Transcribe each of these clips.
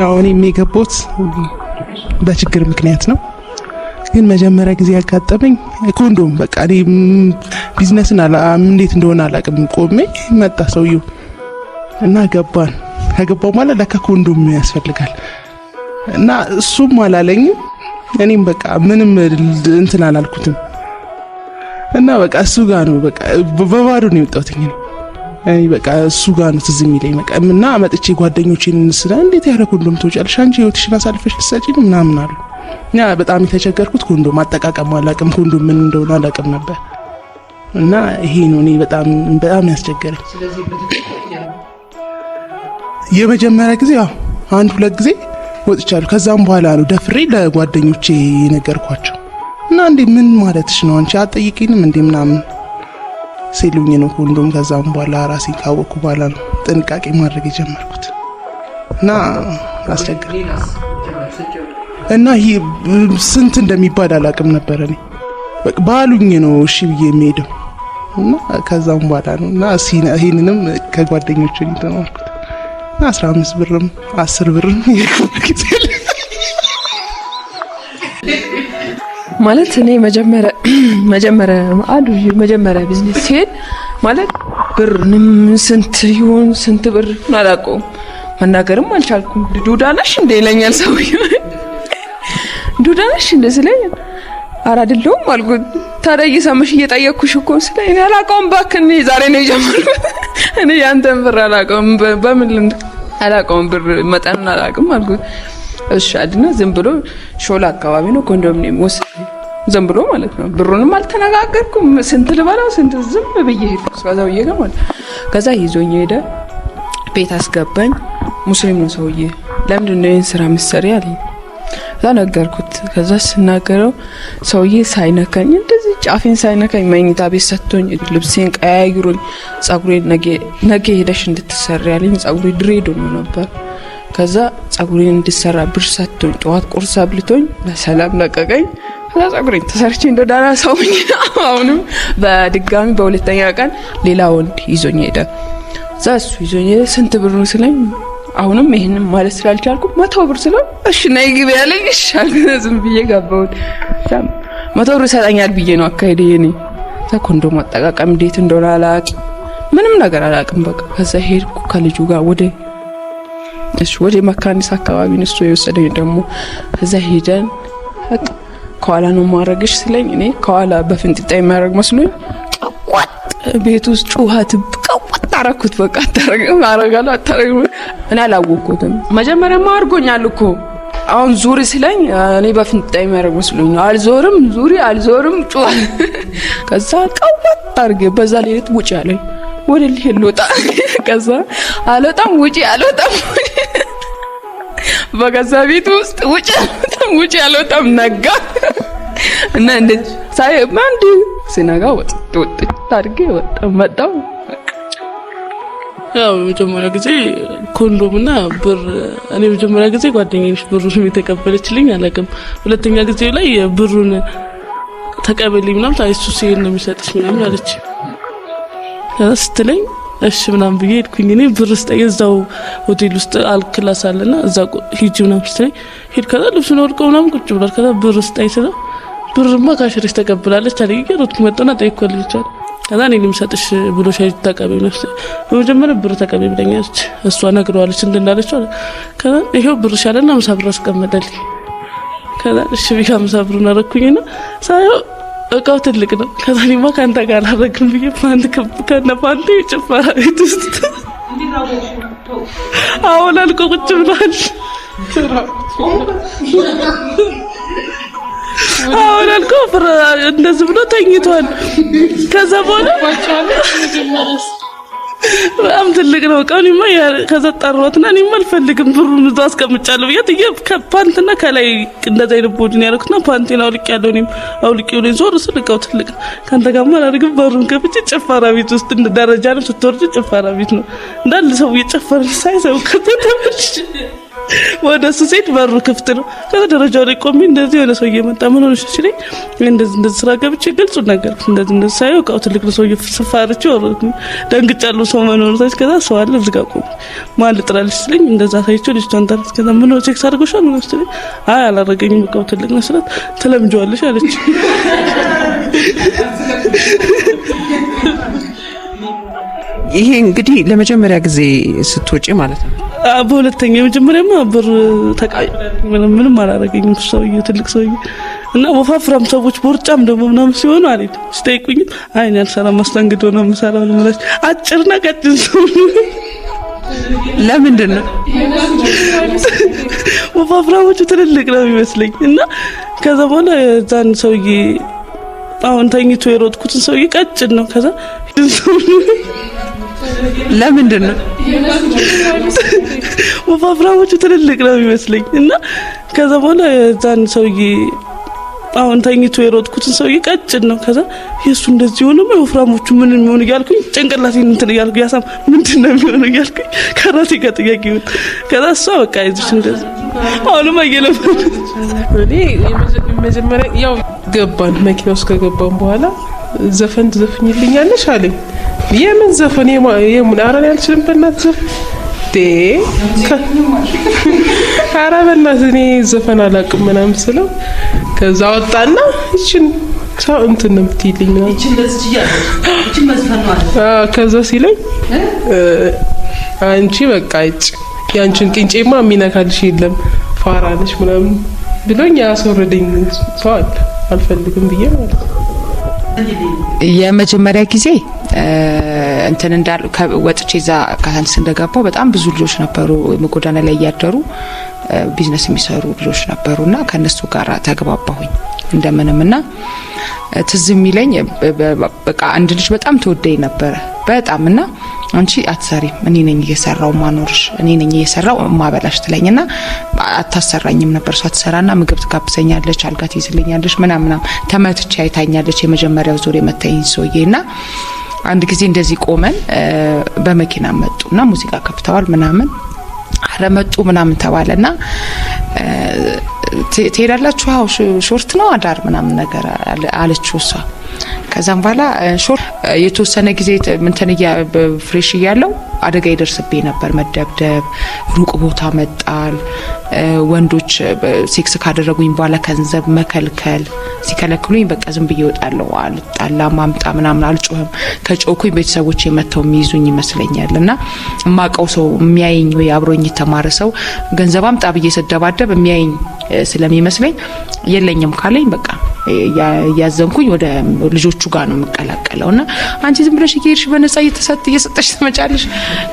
ያው እኔም የገባሁት በችግር ምክንያት ነው። ግን መጀመሪያ ጊዜ ያጋጠመኝ ኮንዶም በቃ እኔ ቢዝነስን እንዴት እንደሆነ አላቅም። ቆሜ መጣ ሰውየው እና ገባን። ከገባው በኋላ ለካ ኮንዶም ያስፈልጋል እና እሱም አላለኝም። እኔም በቃ ምንም እንትን አላልኩትም እና በቃ እሱ ጋር ነው በቃ በባዶ ነው የወጣሁት ነው አይ በቃ እሱ ጋር ነው ትዝ የሚለኝ በቃ እና መጥቼ ጓደኞቼን እንስላ እንዴት ያለ ኮንዶም ትወጫለሽ አንቺ ህይወትሽን አሳልፈሽ ትሰጪን ምናምን አሉ። እና በጣም የተቸገርኩት ኮንዶም አጠቃቀሙ አላቅም፣ ኮንዶም ምን እንደሆነ አላቅም ነበር። እና ይሄ ነው እኔ በጣም በጣም ያስቸገረኝ። የመጀመሪያ ጊዜ ያው አንድ ሁለት ጊዜ ወጥቻለሁ። ከዛም በኋላ ነው ደፍሬ ለጓደኞቼ የነገርኳቸው እና እንዴ ምን ማለትሽ ነው አንቺ አትጠይቂንም እንዴ ምናምን ሲሉኝ ነው ሁሉም። ከዛም በኋላ ራሴን ካወቅኩ በኋላ ነው ጥንቃቄ ማድረግ የጀመርኩት እና አስቸግር እና ይሄ ስንት እንደሚባል አላቅም ነበረ። እኔ ባሉኝ ነው እሺ ብዬ የሚሄደው እና ከዛም በኋላ ነው እና ይህንንም ከጓደኞች የተማርኩት እና አስራ አምስት ብርም አስር ብርም ማለት እኔ መጀመሪያ መጀመሪያ ማአዱ መጀመሪያ ቢዝነስ ሲሄድ ማለት ብር ስንት ይሁን ስንት ብር አላውቀውም፣ መናገርም አልቻልኩም። ዱዳ እንደ ይለኛል ሰውዬው፣ ዱዳ ነሽ እንደ ስለኝ ኧረ አይደለሁም አልኩት። ታዲያ እየሰማሽ እየጠየቅኩሽ እኮ ስለኝ አላውቀውም፣ እባክህ እኔ ዛሬ ነው የጀመርኩት። እኔ ያንተን ብር አላውቀውም፣ በምን አላውቀውም፣ ብር መጠኑን አላውቅም አልኩት። እሺ አድና ዝም ብሎ ሾላ አካባቢ ነው ኮንዶሚኒየም ውስጥ ዝም ብሎ ማለት ነው። ብሩንም አልተነጋገርኩም። ስንት ልበላው ስንት ዝም ብዬ ሄድኩ። ከዛ ብዬ ጋር ማለት ከዛ ይዞኝ ሄደ። ቤት አስገባኝ። ሙስሊም ነው ሰውዬ። ለምንድን ነው ይህን ስራ ምሰሪ አለኝ። ከዛ ነገርኩት። ከዛ ስናገረው ሰውዬ ሳይነካኝ እንደዚህ ጫፌን ሳይነካኝ መኝታ ቤት ሰጥቶኝ ልብሴን ቀያይሩኝ፣ ጸጉሬ ነገ ሄደሽ እንድትሰሪ ያለኝ። ጸጉሬ ድሬዶ ነው ነበር ከዛ ጸጉሬን እንድሰራ ብር ሰጥቶኝ ጠዋት ቁርስ አብልቶኝ በሰላም ለቀቀኝ። ከዛ ጸጉሬን ተሰርቼ እንደ ዳራ ሰው አሁንም በድጋሚ በሁለተኛ ቀን ሌላ ወንድ ይዞኝ ሄደ። እዛ እሱ ይዞኝ ሄደ። ስንት ብር ነው ስለኝ አሁንም ይህንም ማለት ስላልቻልኩ መቶ ብር ስለው እሺ ነይ ግቢ ያለኝ ይሻል ዝም ብዬ ገባሁት። መቶ ብር ይሰጠኛል ብዬ ነው አካሄደ የኔ ኮንዶም ማጠቃቀም እንዴት እንደሆነ አላቅም፣ ምንም ነገር አላቅም። በቃ ከዛ ሄድኩ ከልጁ ጋር ወደ እሺ ወደ መካኒስ አካባቢ ነው የወሰደኝ ደግሞ ከዛ ሄደን ከኋላ ነው ማድረግሽ ስለኝ እኔ ከኋላ በፍንጢጣ የሚያደርግ መስሎኝ ቀዋጥ ቤት ውስጥ ጩኸት ቀዋጥ አረኩት። በቃ አታረግም አረጋለሁ አታረግም እኔ አላወቅኩትም። መጀመሪያ አድርጎኛል እኮ አሁን ዙሪ ስለኝ እኔ በፍንጣ የሚያደርግ መስሎኝ አልዞርም፣ ዙሪ አልዞርም ጩኸት ከዛ ቀዋጥ አድርጌ በዛ ሌሊት ውጭ አለኝ። ወደ ልሄድ ልወጣ ከዛ አልወጣም ውጪ አልወጣም በገዛ ቤት ውስጥ ውጭ ውጭ አልወጣም። ነጋ እና እንደዚህ ሳይ አንድ ሲነጋ ወጥ ወጥ ታርጌ ወጥ መጣው። ያው የመጀመሪያ ጊዜ ኮንዶም እና ብር እኔ የመጀመሪያ ጊዜ ጓደኛዬ ብሩን የተቀበለችልኝ አላውቅም። ሁለተኛ ጊዜ ላይ ብሩን ተቀበልኝ ምናምን፣ ታይሱ እሱ ሲሄድ ነው የሚሰጥሽ ምናምን አለች ስትለኝ እሺ ምናምን ብዬ ሄድኩኝ። እኔ ብር ስጠኝ እዛው ሆቴል ውስጥ አልክላስ አለና እዛ ሂጂ ምናምን ስትለኝ ሄድ። ከዛ ልብሱን ወልቀው ምናምን ቁጭ ብሏል። ከዛ ብር ስጠኝ ስለው ብርማ ካሽሬስ ተቀብላለች አለ። ሮት መጠና ጠይኳል ብቻል ከዛ እኔ ልምሰጥሽ ብሎ ሻይ ተቀበይ ነፍስ በመጀመሪያ ብር ተቀበይ ብለኛለች። እሷ ነግረዋለች እንድናለች አለ። ከዛ ይሄው ብር ሻለና ምሳ ብር አስቀመጠልኝ። ከዛ እሺ ብዬ ምሳ ብሩን አረኩኝና ሳየው እቃው ትልቅ ነው። ከዛ እኔማ ከአንተ ጋር አላረግም ብዬ ፓንት ከነ ፓንቴ የጭፈራ ቤት ውስጥ አሁን አልቆ ቁጭ ብሏል። አሁን አልቆ እንደዚህ ብሎ ተኝቷል። ከዛ በኋላ በጣም ትልቅ ነው ቀኒማ እኔማ ከዛ እና እኔማ አልፈልግም ብሩን እዛ አስቀምጫለሁ ብያት እየ ከፓንትና ከላይ እንደዛ አይነት ቦድን ያደረኩትና ፓንቴን አውልቅ ያለው እኔም አውልቅ ሆነ ዞር ስል ትልቅ ነው። ከአንተ ጋርማ አላደርግም። በሩን ከፍቼ ጭፈራ ቤት ውስጥ እንደ ደረጃ ነው ስትወርድ ጭፈራ ቤት ነው እንዳለ ሰው እየጨፈረ ሳይ ሰው ከተተምች ወደ እሱ ሴት በሩ ክፍት ነው። ከዛ ደረጃው ላይ ቆሜ እንደዚህ የሆነ ሰው መጣ። ምን ሆነሽ ሲለኝ እንደዚህ እንደዚህ ስራ ገብቼ ግልጹ ነገር እንደዚህ እንደዚህ ሳየው ቀው ትልቅ ነው። ሰውዬ ስፋርቼ ወረድኩ። ደንግጫለሁ። ሰው መኖር ሳይች ከዛ ሰው አለ እዚህ ጋር ቆሜ ማን ልጥራልሽ ሲለኝ እንደዛ ሳይቼው ልጅቷን ጠራት። ከዛ ምን ሆነ ቼክ አድርጎሻል ምናምን ሲለኝ አይ አላረገኝም ቀው ትልቅ ነው ስላት ትለምጂዋለሽ አለች። ይሄ እንግዲህ ለመጀመሪያ ጊዜ ስትወጪ ማለት ነው። በሁለተኛ የመጀመሪያማ ብር ተቃይ ምንም ምንም አላረገኝም ሰውዬ ትልቅ ሰውዬ እና ወፋፍራም ሰዎች ቦርጫም ደግሞ ምናምን ሲሆኑ አለች ስጠይቁኝ አይን ያልሰራ መስተንግዶ ነው የምሰራው ልምለች አጭርና ቀጭን ሰው ለምንድን ነው ወፋፍራሞቹ ትልልቅ ነው የሚመስለኝ እና ከዛ በኋላ የዛን ሰውዬ አሁን ተኝቶ የሮጥኩትን ሰውዬ ቀጭን ነው ከዛ ለምንድን ነው ወፋፍራሞቹ ትልልቅ ነው የሚመስለኝ። እና ከዛ በኋላ ዛን ሰውዬ አሁን ተኝቶ የሮጥኩትን ሰውዬ ቀጭን ነው። ከዛ የእሱ እንደዚህ ሆነ ወፍራሞቹ ምን የሚሆኑ እያልኩኝ ጭንቅላት እንትን እያልኩ ያሳም ምንድን ነው የሚሆኑ እያልኩኝ ከራሴ ጋር ጥያቄ ሆን ከዛ እሷ በቃ ይዞች እንደዚህ አሁንም አየለመለች ያው ገባን መኪና ውስጥ ከገባን በኋላ ዘፈን ትዘፍኝልኛለሽ አለኝ። የምን ዘፈን የምን አረን ያልችልም በእናት ዘፈን ኧረ በእናት እኔ ዘፈን አላቅም ምናም ስለው ከዛ ወጣና ይችን ሰው እንትን ነው የምትይልኝ ከዛ ሲለኝ አንቺ በቃ እጭ ያንቺን ቅንጬማ የሚነካልሽ የለም ፋራ ነሽ ምናምን ብሎኝ ያስወረደኝ ሰው አለ አልፈልግም ብዬ ማለት ነው የመጀመሪያ ጊዜ እንትን እንዳሉ ወጥቼ ዛ ካሳንስ እንደገባው በጣም ብዙ ልጆች ነበሩ፣ መጎዳና ላይ እያደሩ ቢዝነስ የሚሰሩ ልጆች ነበሩ እና ከእነሱ ጋር ተግባባሁኝ እንደምንም እና ትዝ የሚለኝ በቃ አንድ ልጅ በጣም ተወደኝ ነበረ በጣም እና አንቺ አትሰሪ እኔ ነኝ እየሰራው ማኖርሽ፣ እኔ ነኝ እየሰራው ማበላሽ ትለኝና አታሰራኝም ነበር። እሷ ትሰራና ምግብ ትጋብዘኛለች፣ አልጋ ትይዝልኛለች፣ ምናምና ተመትቼ አይታኛለች። የመጀመሪያው ዙር የመታኝ ሰውዬና አንድ ጊዜ እንደዚህ ቆመን በመኪና መጡና ሙዚቃ ከፍተዋል ምናምን አረመጡ ምናምን ተባለና ትሄዳላችሁ፣ ሾርት ነው አዳር ምናምን ነገር አለችው እሷ ከዛም በኋላ ሾር የተወሰነ ጊዜ ምንተንያ ፍሬሽ እያለው አደጋ ይደርስብኝ ነበር። መደብደብ፣ ሩቅ ቦታ መጣል፣ ወንዶች ሴክስ ካደረጉኝ በኋላ ከንዘብ መከልከል ሲከለክሉኝ በቃ ዝም ብዬ እወጣለሁ። አልጣላ ማምጣ ምናምን አልጮህም። ከጮኩኝ ቤተሰቦች የመተው የሚይዙኝ ይመስለኛል። እና የማውቀው ሰው የሚያየኝ ወይ አብሮኝ የተማረ ሰው ገንዘብ አምጣ ብዬ ስደባደብ የሚያየኝ ስለሚመስለኝ የለኝም ካለኝ በቃ ያዘንኩኝ ወደ ልጆቹ ጋር ነው የምቀላቀለው። እና አንቺ ዝም ብለሽ እየሄድሽ በነጻ እየሰጠሽ ትመጫለሽ፣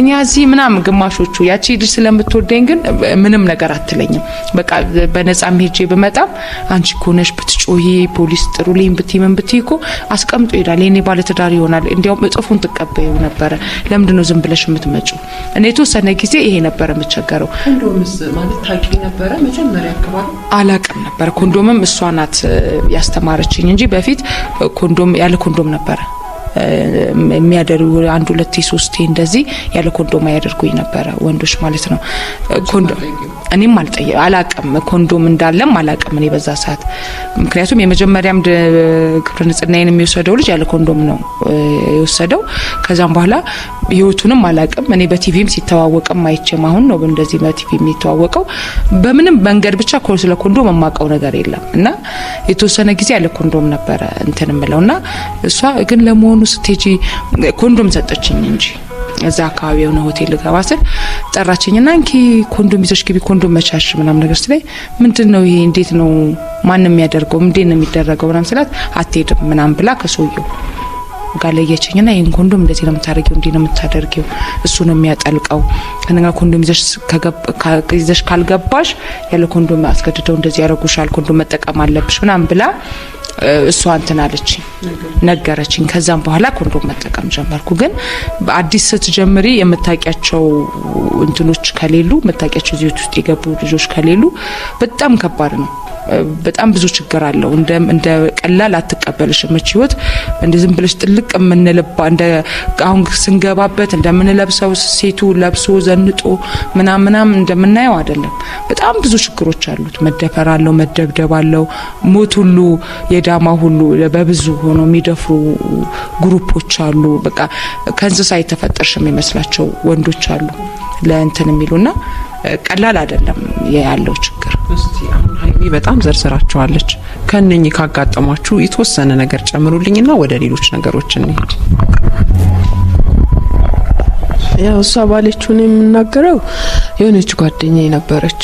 እኛ እዚህ ምናምን። ግማሾቹ ያቺ ልጅ ስለምትወደኝ ግን ምንም ነገር አትለኝም። በቃ በነጻ ሄጄ ብመጣም አንቺ ኮነሽ ነሽ ብትጮሂ፣ ፖሊስ ልኝ ብት ምን ብት ኮ አስቀምጦ ይሄዳል። የኔ ባለትዳር ይሆናል። እንዲያውም እጥፉን ትቀበዩ ነበረ። ለምንድን ነው ዝም ብለሽ የምትመጪው? እኔ የተወሰነ ጊዜ ይሄ ነበረ የምቸገረው። እንደውም ማለት ታውቂ ነበረ መጀመሪያ አላቅም ነበር። ኮንዶምም እሷ ናት ያስተማረችኝ እንጂ በፊት ኮንዶም ያለ ኮንዶም ነበረ የሚያደሩ አንድ ሁለቴ ሶስቴ እንደዚህ ያለ ኮንዶም ያደርጉኝ ነበረ ወንዶች ማለት ነው ኮንዶም እኔም አላቅም ኮንዶም እንዳለም አላቅም እኔ በዛ ሰዓት። ምክንያቱም የመጀመሪያም ክብረ ንጽህናዬን የሚወሰደው ልጅ ያለ ኮንዶም ነው የወሰደው። ከዛም በኋላ ህይወቱንም አላቅም እኔ በቲቪም ሲተዋወቅም አይቼም አሁን ነው እንደዚህ በቲቪ የሚተዋወቀው። በምንም መንገድ ብቻ ስለ ኮንዶም የማውቀው ነገር የለም እና የተወሰነ ጊዜ ያለ ኮንዶም ነበረ እንትን ምለው እና እሷ ግን ለመሆኑ ስቴጂ ኮንዶም ሰጠችኝ እንጂ እዛ አካባቢ የሆነ ሆቴል ልገባ ስል ና እንኪ ኮንዶም ይዘሽ ግቢ ኮንዶም መቻሽ ምናም ነገር ስለኝ ምንድን ነው ይሄ እንዴት ነው ማን የሚያደርገው እንዴት ነው የሚደረገው ምናም ስላት አትሄድም ምናም ብላ ከሰውየው ጋር ና ይህን ኮንዶም እንደዚህ ነው የምታደርጊው እንዲህ ነው የምታደርጊው እሱ ነው የሚያጠልቀው ከነገር ኮንዶም ይዘሽ ካልገባሽ ያለ ኮንዶም አስገድደው እንደዚህ ያደረጉሻል ኮንዶም መጠቀም አለብሽ ምናም ብላ እሷ እንትን አለችኝ ነገረችኝ። ከዛም በኋላ ኮንዶም መጠቀም ጀመርኩ። ግን አዲስ ስትጀምሪ የምታውቂያቸው እንትኖች ከሌሉ የምታውቂያቸው ዜዎች ውስጥ የገቡ ልጆች ከሌሉ በጣም ከባድ ነው። በጣም ብዙ ችግር አለው። እንደ እንደ ቀላል አትቀበልሽም ህይወት እንደ ዝም ብለሽ ጥልቅ የምንልባ እንደ አሁን ስንገባበት እንደምንለብሰው ሴቱ ለብሶ ዘንጦ ምናምን ምናምን እንደምናየው አይደለም። በጣም ብዙ ችግሮች አሉት። መደፈር አለው፣ መደብደብ አለው፣ ሞት ሁሉ የዳማ ሁሉ በብዙ ሆኖ የሚደፍሩ ግሩፖች አሉ። በቃ ከእንስሳ የተፈጠርሽ የሚመስላቸው ወንዶች አሉ ለእንትን የሚሉና ቀላል አይደለም ያለው ችግር እስቲ በጣም ዘርዝራቸዋለች። ከእነኚህ ካጋጠሟችሁ የተወሰነ ነገር ጨምሩልኝና ወደ ሌሎች ነገሮች እንሄድ። ያው እሷ ባለችውን የምናገረው የሆነች ጓደኛ ነበረች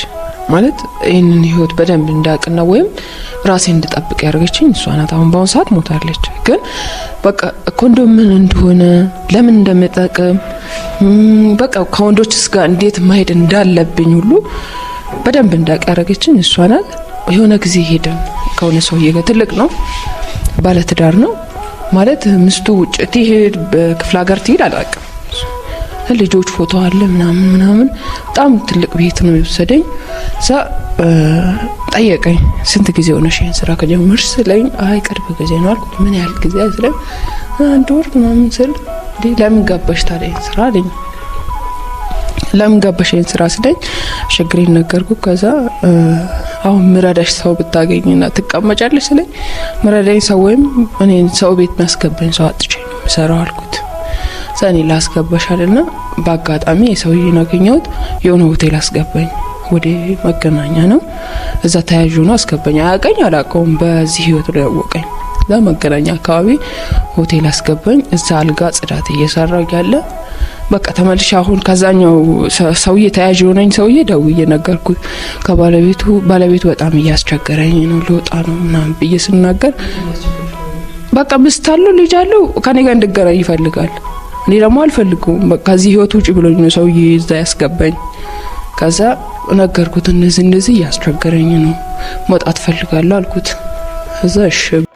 ማለት ይህንን ህይወት በደንብ እንዳቅና ወይም ራሴ እንድጠብቅ ያደርገችኝ እሷ ናት። አሁን በአሁኑ ሰዓት ሞታለች፣ ግን በቃ ኮንዶም ምን እንደሆነ ለምን እንደምጠቅም በቃ ከወንዶችስ ጋር እንዴት ማሄድ እንዳለብኝ ሁሉ በደንብ እንዳቅ ያደረገችኝ እሷ ናት። የሆነ ጊዜ ሄደ ከሆነ ሰውዬ ጋር ትልቅ ነው፣ ባለትዳር ነው ማለት ምስቱ ውጭ ትሄድ በክፍለ ሀገር ትሄድ አላውቅም። ልጆች ፎቶ አለ ምናምን ምናምን በጣም ትልቅ ቤት ነው የወሰደኝ። እዛ ጠየቀኝ ስንት ጊዜ ሆነ ይህን ስራ ከጀመርሽ ስለኝ፣ አይ ቅርብ ጊዜ ነው አልኩት። ምን ያህል ጊዜ ስለ አንድ ወር ምናምን ስል ለምን ገባሽ ታዲያ ስራ አለኝ። ለምን ገባሽ ስራ ስለኝ ችግሬን ነገርኩ። ከዛ አሁን ምረዳሽ ሰው ብታገኝና ትቀመጫለሽ ስለኝ ምረዳኝ ሰው ወይም እኔ ሰው ቤት የሚያስገብረኝ ሰው አጥቼ ነው ምሰራው አልኩት። ሰኔ ላስገባሻል ና በአጋጣሚ የሰውዬን አገኘሁት። የሆነ ሆቴል አስገባኝ። ወደ መገናኛ ነው እዛ ተያዥ ነው አስገባኝ። አያውቀኝ አላውቀውም። በዚህ ህይወት ላይ ያወቀኝ። ለመገናኛ አካባቢ ሆቴል አስገባኝ። እዛ አልጋ ጽዳት እየሰራው ያለ በቃ ተመልሼ አሁን ከዛኛው ሰውዬ ተያዥ የሆነኝ ሰውዬ ደውዬ ነገርኩት ከባለቤቱ ባለቤቱ በጣም እያስቸገረኝ ነው ልወጣ ነው ምናምን ብዬ ስናገር በቃ ምስት አለው ልጅ አለው ከኔ ጋር እንድገናኝ ይፈልጋል። እኔ ደግሞ አልፈልገውም ከዚህ ህይወት ውጭ ብሎኝ ነው ሰውዬ እዛ ያስገባኝ። ከዛ ነገርኩት እነዚህ እነዚህ እያስቸገረኝ ነው መውጣት ፈልጋለሁ አልኩት። እዛ እሺ